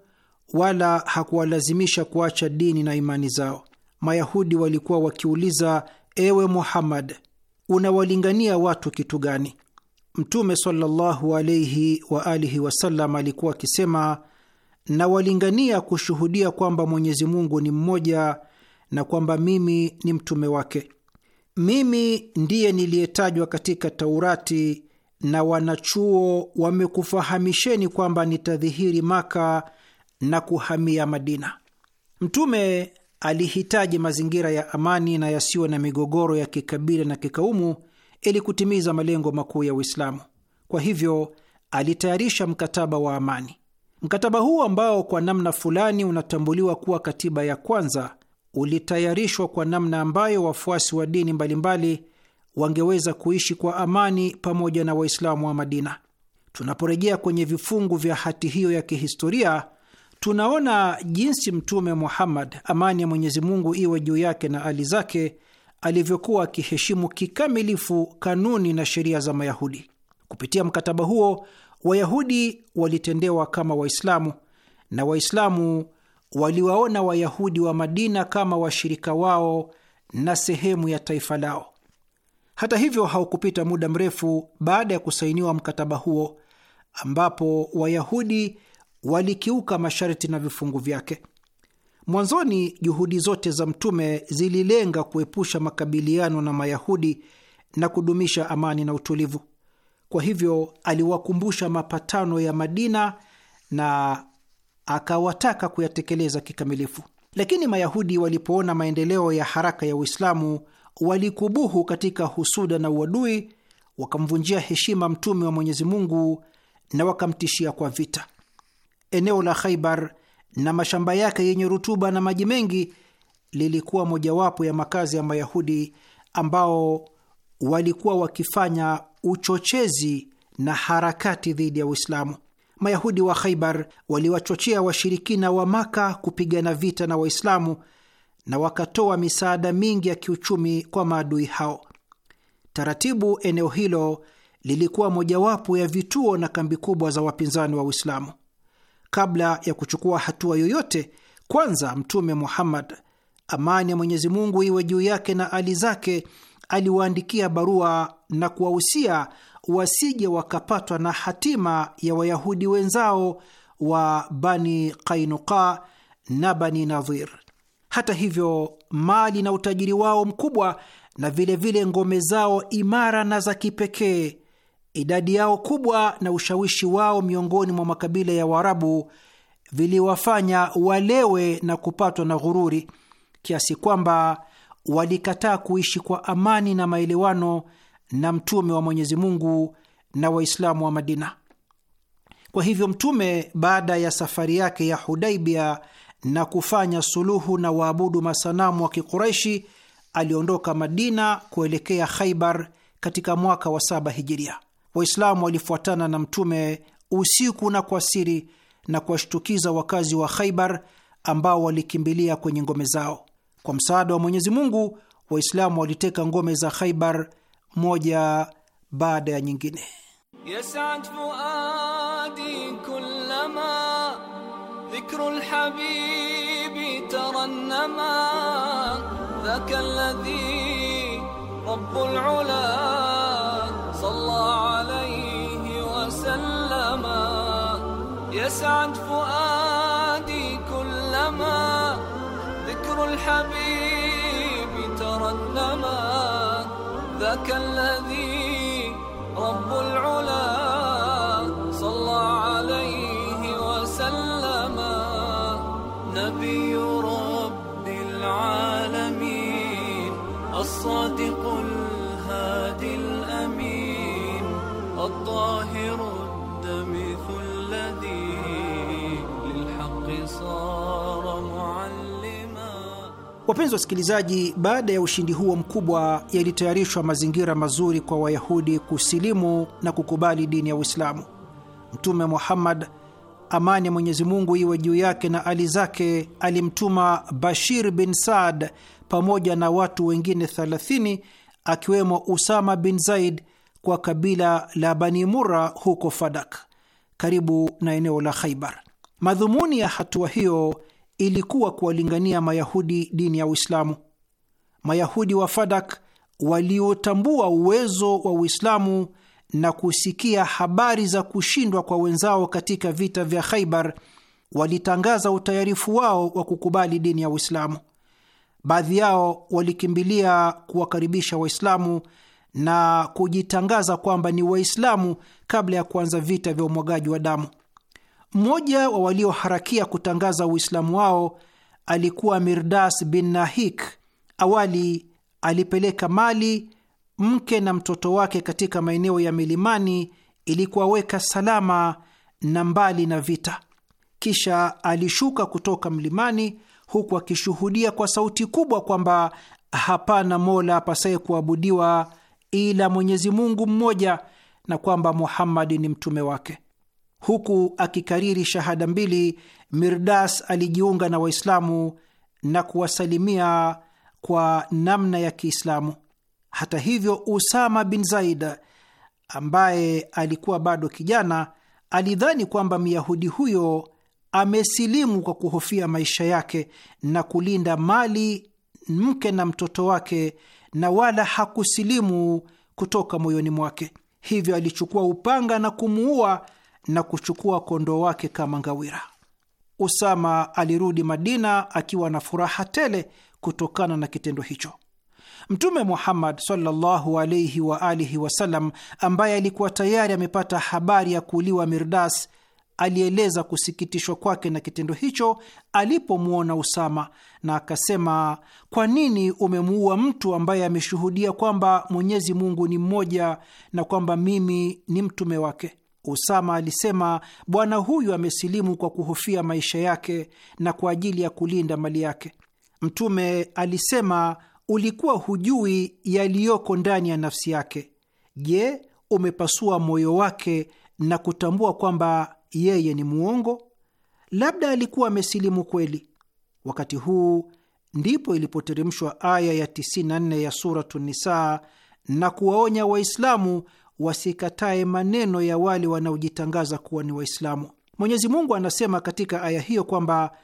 wala hakuwalazimisha kuacha dini na imani zao. Mayahudi walikuwa wakiuliza, ewe Muhammad, unawalingania watu kitu gani? Mtume sallallahu alaihi wa alihi wasallam alikuwa akisema na walingania kushuhudia kwamba Mwenyezi Mungu ni mmoja na kwamba mimi ni mtume wake. Mimi ndiye niliyetajwa katika Taurati, na wanachuo wamekufahamisheni kwamba nitadhihiri Maka na kuhamia Madina. Mtume alihitaji mazingira ya amani na yasiyo na migogoro ya kikabila na kikaumu ili kutimiza malengo makuu ya Uislamu. Kwa hivyo alitayarisha mkataba wa amani. Mkataba huu ambao kwa namna fulani unatambuliwa kuwa katiba ya kwanza ulitayarishwa kwa namna ambayo wafuasi wa dini mbalimbali wangeweza kuishi kwa amani pamoja na Waislamu wa Madina. Tunaporejea kwenye vifungu vya hati hiyo ya kihistoria, tunaona jinsi Mtume Muhammad, amani ya Mwenyezi Mungu iwe juu yake na ali zake, alivyokuwa akiheshimu kikamilifu kanuni na sheria za Mayahudi. Kupitia mkataba huo Wayahudi walitendewa kama Waislamu na Waislamu waliwaona Wayahudi wa Madina kama washirika wao na sehemu ya taifa lao. Hata hivyo, haukupita muda mrefu baada ya kusainiwa mkataba huo ambapo Wayahudi walikiuka masharti na vifungu vyake. Mwanzoni, juhudi zote za Mtume zililenga kuepusha makabiliano na Mayahudi na kudumisha amani na utulivu. Kwa hivyo aliwakumbusha mapatano ya Madina na akawataka kuyatekeleza kikamilifu. Lakini Mayahudi walipoona maendeleo ya haraka ya Uislamu walikubuhu katika husuda na uadui, wakamvunjia heshima mtume wa Mwenyezi Mungu na wakamtishia kwa vita. Eneo la Khaibar na mashamba yake yenye rutuba na maji mengi lilikuwa mojawapo ya makazi ya Mayahudi ambao walikuwa wakifanya uchochezi na harakati dhidi ya Uislamu. Mayahudi wa Khaibar waliwachochea washirikina wa Maka kupigana vita na Waislamu na wakatoa misaada mingi ya kiuchumi kwa maadui hao. Taratibu eneo hilo lilikuwa mojawapo ya vituo na kambi kubwa za wapinzani wa Uislamu. Kabla ya kuchukua hatua yoyote, kwanza Mtume Muhammad, amani ya Mwenyezi Mungu iwe juu yake na ali zake, aliwaandikia barua na kuwahusia wasije wakapatwa na hatima ya Wayahudi wenzao wa Bani Kainuka na Bani Nadhir. Hata hivyo, mali na utajiri wao mkubwa na vilevile ngome zao imara na za kipekee, idadi yao kubwa na ushawishi wao miongoni mwa makabila ya Waarabu viliwafanya walewe na kupatwa na ghururi kiasi kwamba walikataa kuishi kwa amani na maelewano na mtume wa Mwenyezi Mungu na Waislamu wa Madina. Kwa hivyo mtume baada ya safari yake ya Hudaibia na kufanya suluhu na waabudu masanamu wa Kikuraishi aliondoka Madina kuelekea Khaibar katika mwaka wa saba Hijiria. Waislamu walifuatana na mtume usiku na kwa siri na kuwashtukiza wakazi wa Khaibar ambao walikimbilia kwenye ngome zao. Kwa msaada wa Mwenyezi Mungu, Waislamu waliteka ngome za Khaibar moja baada ya nyingine. Ya الحبيب ترنما ذاك الذي رب العلا صلى عليه وسلم نبي رب العالمين الصادق الهادي الأمين الطاهر Wapenzi wasikilizaji, baada ya ushindi huo mkubwa, yalitayarishwa mazingira mazuri kwa Wayahudi kusilimu na kukubali dini ya Uislamu. Mtume Muhammad, amani ya Mwenyezi Mungu iwe juu yake na ali zake, alimtuma Bashir bin Saad pamoja na watu wengine 30 akiwemo Usama bin Zaid kwa kabila la Bani mura huko Fadak, karibu na eneo la Khaibar. Madhumuni ya hatua hiyo ilikuwa kuwalingania Mayahudi dini ya Uislamu. Mayahudi wa Fadak waliotambua uwezo wa Uislamu na kusikia habari za kushindwa kwa wenzao katika vita vya Khaibar walitangaza utayarifu wao wa kukubali dini ya Uislamu. Baadhi yao walikimbilia kuwakaribisha Waislamu na kujitangaza kwamba ni Waislamu kabla ya kuanza vita vya umwagaji wa damu. Mmoja wa walioharakia kutangaza Uislamu wao alikuwa Mirdas bin Nahik. Awali alipeleka mali, mke na mtoto wake katika maeneo ya milimani ili kuwaweka salama na mbali na vita. Kisha alishuka kutoka mlimani huku akishuhudia kwa sauti kubwa kwamba hapana mola apasaye kuabudiwa ila Mwenyezi Mungu mmoja na kwamba Muhammadi ni mtume wake. Huku akikariri shahada mbili, Mirdas alijiunga na Waislamu na kuwasalimia kwa namna ya Kiislamu. Hata hivyo, Usama bin Zaid ambaye alikuwa bado kijana alidhani kwamba Myahudi huyo amesilimu kwa kuhofia maisha yake na kulinda mali, mke na mtoto wake, na wala hakusilimu kutoka moyoni mwake. Hivyo alichukua upanga na kumuua na kuchukua kondoo wake kama ngawira. Usama alirudi Madina akiwa na furaha tele kutokana na kitendo hicho. Mtume Muhammad sallallahu wa alihi wasallam, ambaye alikuwa tayari amepata habari ya kuuliwa Mirdas, alieleza kusikitishwa kwake na kitendo hicho alipomwona Usama, na akasema, kwa nini umemuua mtu ambaye ameshuhudia kwamba Mwenyezi Mungu ni mmoja na kwamba mimi ni mtume wake? Usama alisema, bwana huyu amesilimu kwa kuhofia maisha yake na kwa ajili ya kulinda mali yake. Mtume alisema, ulikuwa hujui yaliyoko ndani ya nafsi yake. Je, umepasua moyo wake na kutambua kwamba yeye ni muongo Labda alikuwa amesilimu kweli. Wakati huu ndipo ilipoteremshwa aya ya 94 ya Suratu Nisaa na kuwaonya Waislamu wasikatae maneno ya wale wanaojitangaza kuwa ni Waislamu. Mwenyezi Mungu anasema katika aya hiyo kwamba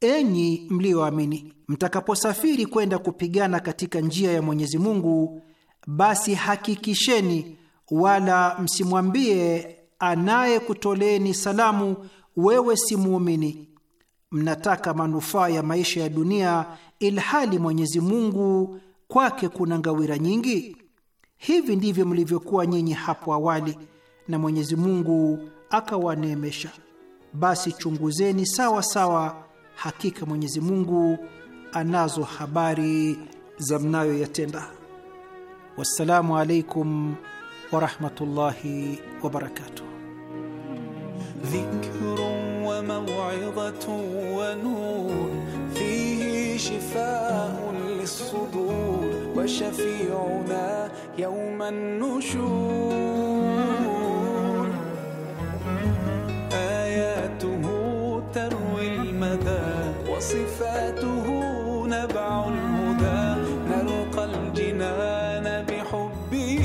enyi mliyoamini, mtakaposafiri kwenda kupigana katika njia ya Mwenyezi Mungu, basi hakikisheni wala msimwambie anayekutoleeni salamu, wewe si muumini. Mnataka manufaa ya maisha ya dunia, ilhali Mwenyezi Mungu kwake kuna ngawira nyingi. Hivi ndivyo mlivyokuwa nyinyi hapo awali, na Mwenyezi Mungu akawaneemesha. Basi chunguzeni sawa sawa, hakika Mwenyezi Mungu anazo habari za mnayoyatenda. Wassalamu alaikum warahmatullahi wabarakatuh. Dhikru شفيعنا يوم النشور آياته تروي المدى وصفاته نبع الهدى نرقى الجنان بحبه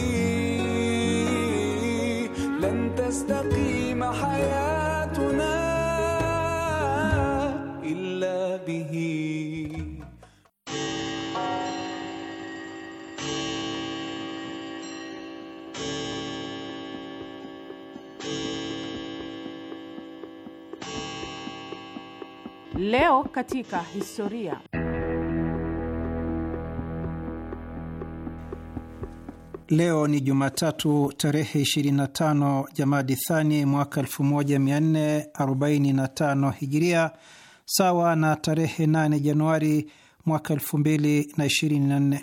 لن تستقيم Leo katika historia. Leo ni Jumatatu tarehe 25 Jamadi Thani mwaka 1445 Hijiria, sawa na tarehe 8 Januari mwaka 2024.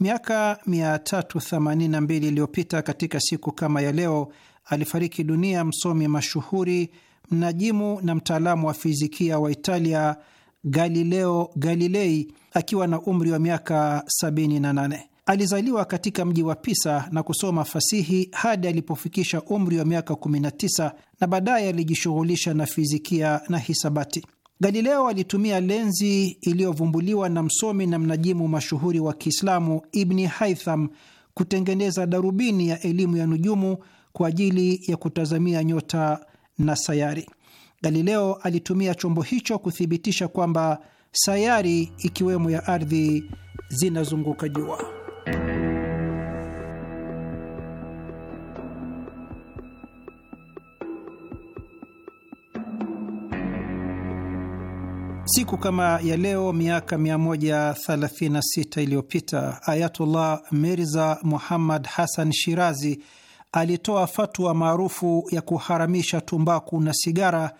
Miaka 382 iliyopita katika siku kama ya leo alifariki dunia msomi mashuhuri mnajimu na mtaalamu wa fizikia wa Italia Galileo Galilei akiwa na umri wa miaka 78. Alizaliwa katika mji wa Pisa na kusoma fasihi hadi alipofikisha umri wa miaka 19 na baadaye alijishughulisha na fizikia na hisabati. Galileo alitumia lenzi iliyovumbuliwa na msomi na mnajimu mashuhuri wa Kiislamu Ibni Haytham kutengeneza darubini ya elimu ya nujumu kwa ajili ya kutazamia nyota na sayari. Galileo alitumia chombo hicho kuthibitisha kwamba sayari ikiwemo ya ardhi zinazunguka jua. Siku kama ya leo miaka 136 iliyopita Ayatullah Mirza Muhammad Hassan Shirazi alitoa fatwa maarufu ya kuharamisha tumbaku na sigara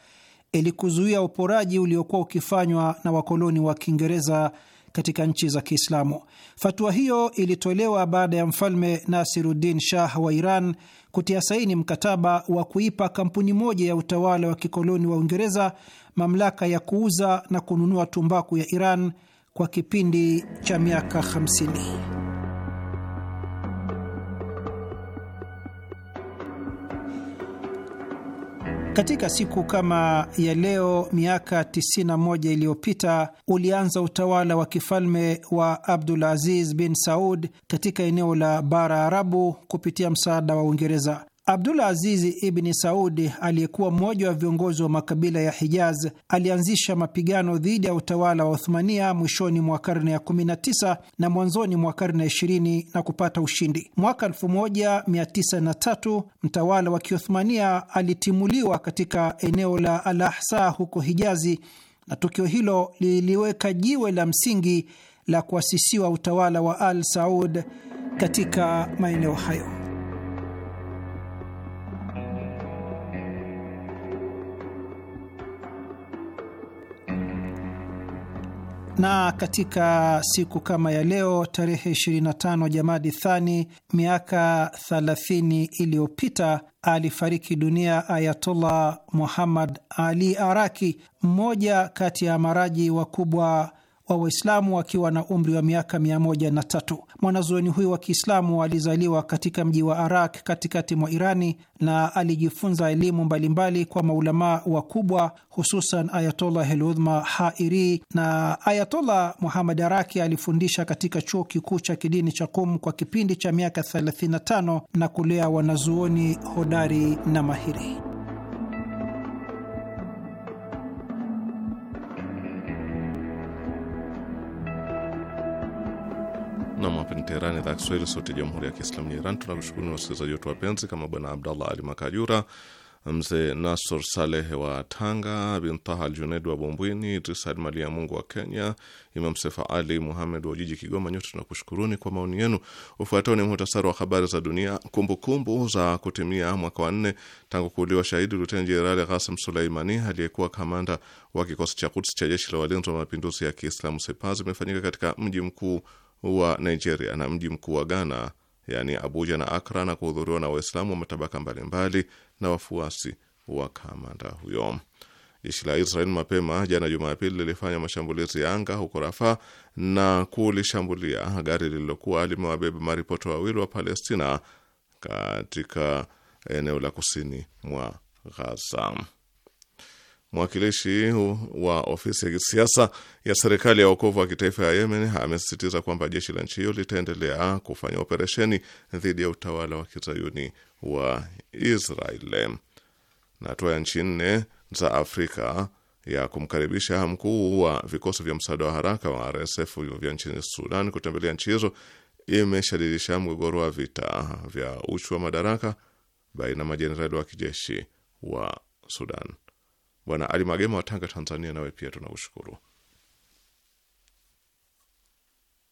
ili kuzuia uporaji uliokuwa ukifanywa na wakoloni wa Kiingereza katika nchi za Kiislamu. Fatua hiyo ilitolewa baada ya mfalme Nasiruddin Shah wa Iran kutia saini mkataba wa kuipa kampuni moja ya utawala wa kikoloni wa Uingereza mamlaka ya kuuza na kununua tumbaku ya Iran kwa kipindi cha miaka 50. Katika siku kama ya leo miaka 91 iliyopita ulianza utawala wa kifalme wa Abdul Aziz bin Saud katika eneo la bara Arabu kupitia msaada wa Uingereza. Abdul Azizi Ibni Saudi aliyekuwa mmoja wa viongozi wa makabila ya Hijaz alianzisha mapigano dhidi ya utawala wa Uthmania mwishoni mwa karne ya 19 na mwanzoni mwa karne ya 20 na kupata ushindi. Mwaka 1903 mtawala wa Kiothmania alitimuliwa katika eneo la Al Ahsa huko Hijazi, na tukio hilo liliweka jiwe la msingi la kuasisiwa utawala wa Al Saud katika maeneo hayo. na katika siku kama ya leo tarehe 25 Jamadi Thani miaka 30 iliyopita alifariki dunia Ayatullah Muhammad Ali Araki, mmoja kati ya maraji wakubwa wa Waislamu akiwa na umri wa miaka mia moja na tatu. Mwanazuoni huyu wa Kiislamu alizaliwa katika mji wa Arak katikati mwa Irani na alijifunza elimu mbalimbali kwa maulamaa wakubwa, hususan Ayatollah Heludhma Hairi na Ayatollah Muhamad Araki. Alifundisha katika chuo kikuu cha kidini cha Kum kwa kipindi cha miaka 35 na kulea wanazuoni hodari na mahiri. Nam, hapa ni Teherani, idhaa Kiswahili, sauti ya jamhuri ya kiislamu ya Iran. Tunamshukuru na wasikilizaji wetu wapenzi kama bwana Abdallah Ali Makajura, mzee Nasor Saleh wa Tanga, Bintaha Aljuneid wa Bumbwini, Idrisad Mali ya Mungu wa Kenya, Imam Sefa Ali Muhamed wa jiji Kigoma. Nyote tunakushukuruni kwa maoni yenu. Ufuatao ni muhtasari wa habari za dunia. Kumbukumbu kumbu za kutimia mwaka wa nne tangu kuuliwa shahidi Luteni Jenerali Ghasim Suleimani, aliyekuwa kamanda wa kikosi cha Kuts cha jeshi la walinzi wa mapinduzi ya Kiislamu Sepa, zimefanyika katika mji mkuu wa Nigeria na mji mkuu wa Ghana yani Abuja na Akra na kuhudhuriwa na Waislamu wa matabaka mbalimbali na wafuasi wa kamanda huyo. Jeshi la Israel mapema jana Jumapili lilifanya mashambulizi ya anga huko Rafa na kulishambulia gari lililokuwa limewabeba maripoto wawili wa Palestina katika eneo la kusini mwa Ghaza. Mwakilishi wa ofisi ya kisiasa ya serikali ya wokovu wa kitaifa ya Yemen amesisitiza kwamba jeshi la nchi hiyo litaendelea kufanya operesheni dhidi ya utawala wa kizayuni wa Israel. Na hatua ya nchi nne za Afrika ya kumkaribisha mkuu wa vikosi vya msaada wa haraka wa RSF vya nchini Sudan kutembelea nchi hizo imeshadidisha mgogoro wa vita vya uchu wa madaraka baina majenerali wa kijeshi wa Sudan. Bwana Ali Magema wa Tanga, Tanzania, nawe pia tunakushukuru.